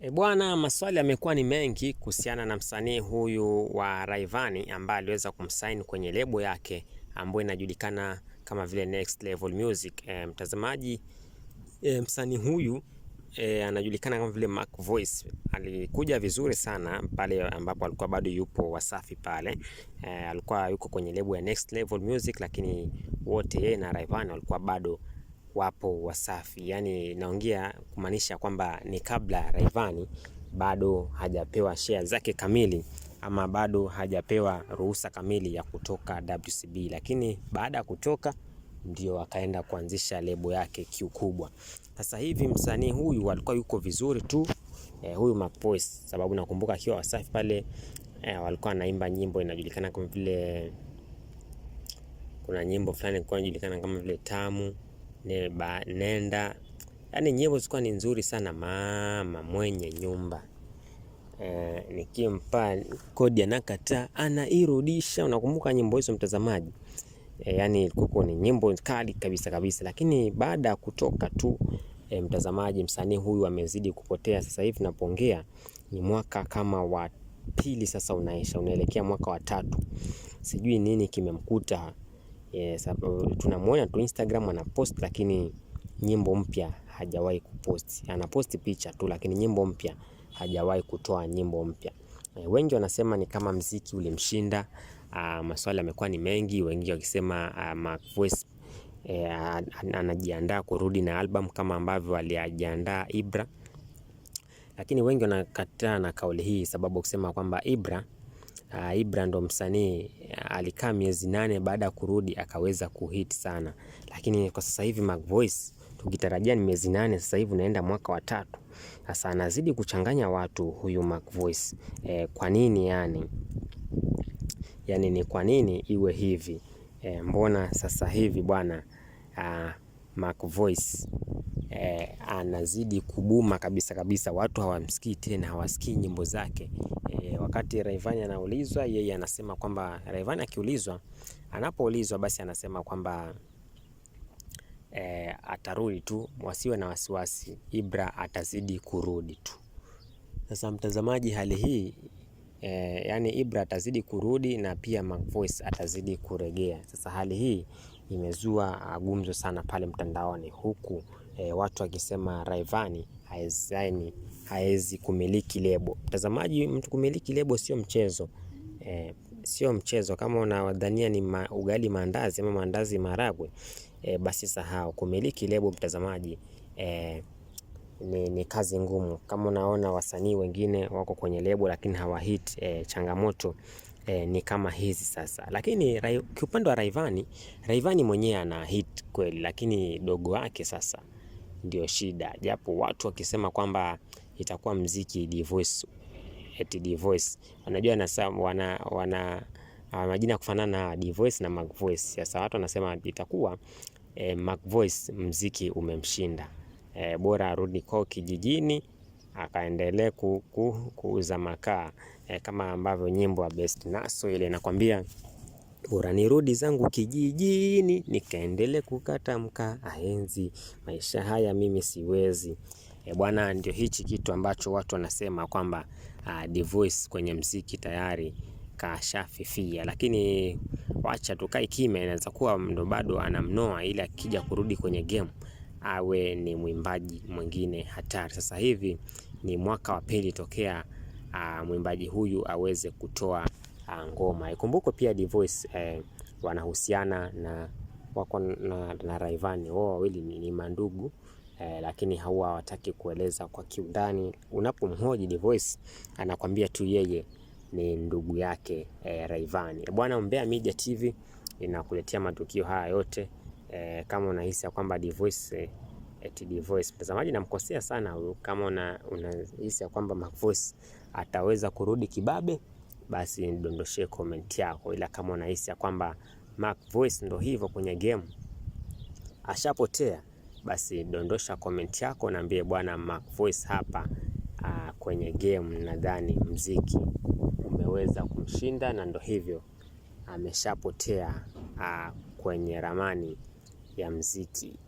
E bwana, maswali yamekuwa ni mengi kuhusiana na msanii huyu wa Rayvanny ambaye aliweza kumsaini kwenye lebo yake ambayo inajulikana kama vile Next Level Music. E, mtazamaji e, msanii huyu e, anajulikana kama vile Mac Voice. Alikuja vizuri sana pale ambapo alikuwa bado yupo Wasafi pale. E, alikuwa yuko kwenye lebo ya Next Level Music, lakini wote yeye na Rayvanny walikuwa bado wapo Wasafi, yaani naongea kumaanisha kwamba ni kabla Rayvanny bado hajapewa share zake kamili ama bado hajapewa ruhusa kamili ya kutoka WCB, lakini baada ya kutoka ndio akaenda kuanzisha lebo yake kiukubwa. Sasa hivi msanii huyu alikuwa yuko vizuri tu eh, huyu Mapois, sababu nakumbuka akiwa Wasafi pale eh, walikuwa anaimba nyimbo inajulikana kama vile kuna nyimbo fulani ilikuwa inajulikana kama vile tamu neba, nenda. Yaani nyimbo zilikuwa ni nzuri sana mama mwenye nyumba e, nikimpa kodi anakataa anairudisha. Unakumbuka nyimbo hizo mtazamaji? E, eh, yani kuko ni nyimbo kali kabisa kabisa, lakini baada ya kutoka tu e, mtazamaji, msanii huyu amezidi kupotea. Sasa hivi napongea ni mwaka kama wa pili sasa unaisha, unaelekea mwaka wa tatu, sijui nini kimemkuta Yes, eh, eh, tunamwona tu Instagram ana post lakini nyimbo mpya hajawahi kupost. Ana post picha tu, lakini nyimbo mpya hajawahi kutoa nyimbo mpya. E, wengi wanasema ni kama mziki ulimshinda. Uh, Maswali yamekuwa ni mengi, wengi wakisema uh, West uh, anajiandaa kurudi na album kama ambavyo alijiandaa Ibra, lakini wengi wanakataa na kauli hii sababu kusema kwamba Ibra Ah, Ibra ndo msanii alikaa miezi nane baada ya kurudi akaweza kuhit sana, lakini kwa sasa hivi Voice tukitarajia ni miezi nane sasa hivi unaenda mwaka wa tatu sasa, anazidi kuchanganya watu huyu Voice E, kwa nini yani? Yani ni kwa nini iwe hivi? E, mbona sasa hivi bwana ah, Voice eh, anazidi kubuma kabisa kabisa, watu hawamsikii tena, hawasikii nyimbo zake eh. Wakati Rayvanny anaulizwa, yeye anasema kwamba Rayvanny akiulizwa, anapoulizwa basi anasema kwamba E, atarudi tu, wasiwe na wasiwasi, Ibra atazidi kurudi tu. Sasa mtazamaji, hali hii e, yani Ibra atazidi kurudi na pia Mac Voice atazidi kuregea. Sasa hali hii imezua gumzo sana pale mtandaoni, huku e, watu wakisema Rayvanny haezi kumiliki lebo. Mtazamaji, mtu kumiliki lebo sio mchezo e, sio mchezo. Kama unadhania ni ma, ugali maandazi ama maandazi maragwe e, eh, basi sahau kumiliki lebo mtazamaji e, ni, ni kazi ngumu. Kama unaona wasanii wengine wako kwenye lebo lakini hawahit e, changamoto e, ni kama hizi sasa. Lakini kiupande wa Raivani, Raivani mwenyewe ana hit kweli, lakini dogo wake sasa ndio shida, japo watu wakisema kwamba itakuwa mziki divorce, eti divorce, unajua na wana, wana ah, majina ya kufanana na Divoice na Mac Voice. Sasa watu wanasema itakuwa eh, Mac Voice mziki umemshinda eh, bora arudi kwao kijijini akaendelea ku, ku, kuuza makaa e, kama ambavyo nyimbo ya Best Naso ile inakwambia bora nirudi zangu kijijini nikaendelea kukata mkaa aenzi maisha haya mimi siwezi. E, bwana, ndio hichi kitu ambacho watu wanasema kwamba uh, Voice kwenye mziki tayari kashafifia, lakini wacha tukae kimya, inaweza kuwa ndo bado anamnoa, ili akija kurudi kwenye game awe ni mwimbaji mwingine hatari. Sasa hivi ni mwaka wa pili tokea uh, mwimbaji huyu aweze kutoa uh, ngoma. Ikumbuko pia Voice eh, wanahusiana na wako na, na Raivani wao wawili ni, ni mandugu eh, lakini hawa hawataki kueleza kwa kiundani. Unapomhoji Voice anakwambia tu yeye ni ndugu yake eh, Raivani. Bwana Umbea Media TV inakuletea matukio haya yote eh, kama unahisi ya kwamba divorce eh, eti divorce mtazamaji, namkosea sana huyu. Kama una unahisi ya kwamba Macvoice ataweza kurudi kibabe, basi nidondoshee comment yako, ila kama unahisi ya kwamba Macvoice ndo hivyo kwenye game ashapotea, basi dondosha comment yako, naambie bwana Macvoice hapa aa, ah, kwenye game nadhani mziki umeweza kumshinda na ndo hivyo ameshapotea ah, kwenye ramani ya mziki.